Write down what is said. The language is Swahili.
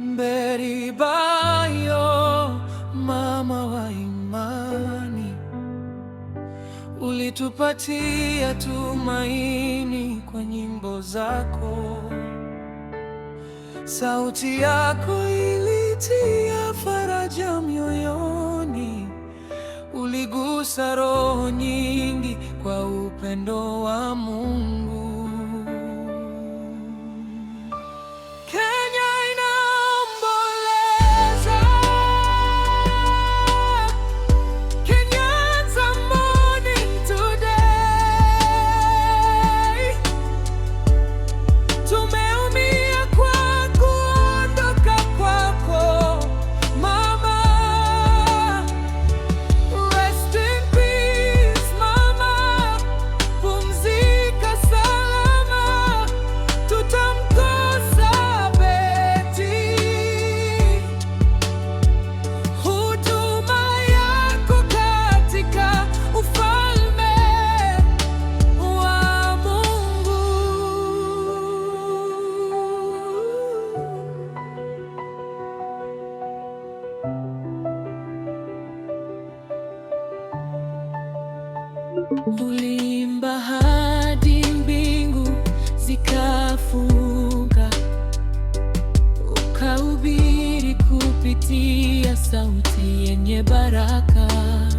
Mberibayo, mama wa imani, ulitupatia tumaini kwa nyimbo zako. Sauti yako ilitia faraja mioyoni, uligusa roho nyingi kwa upendo wa Mungu. Tuliimba hadi mbingu zikafunga, ukahubiri kupitia sauti yenye baraka.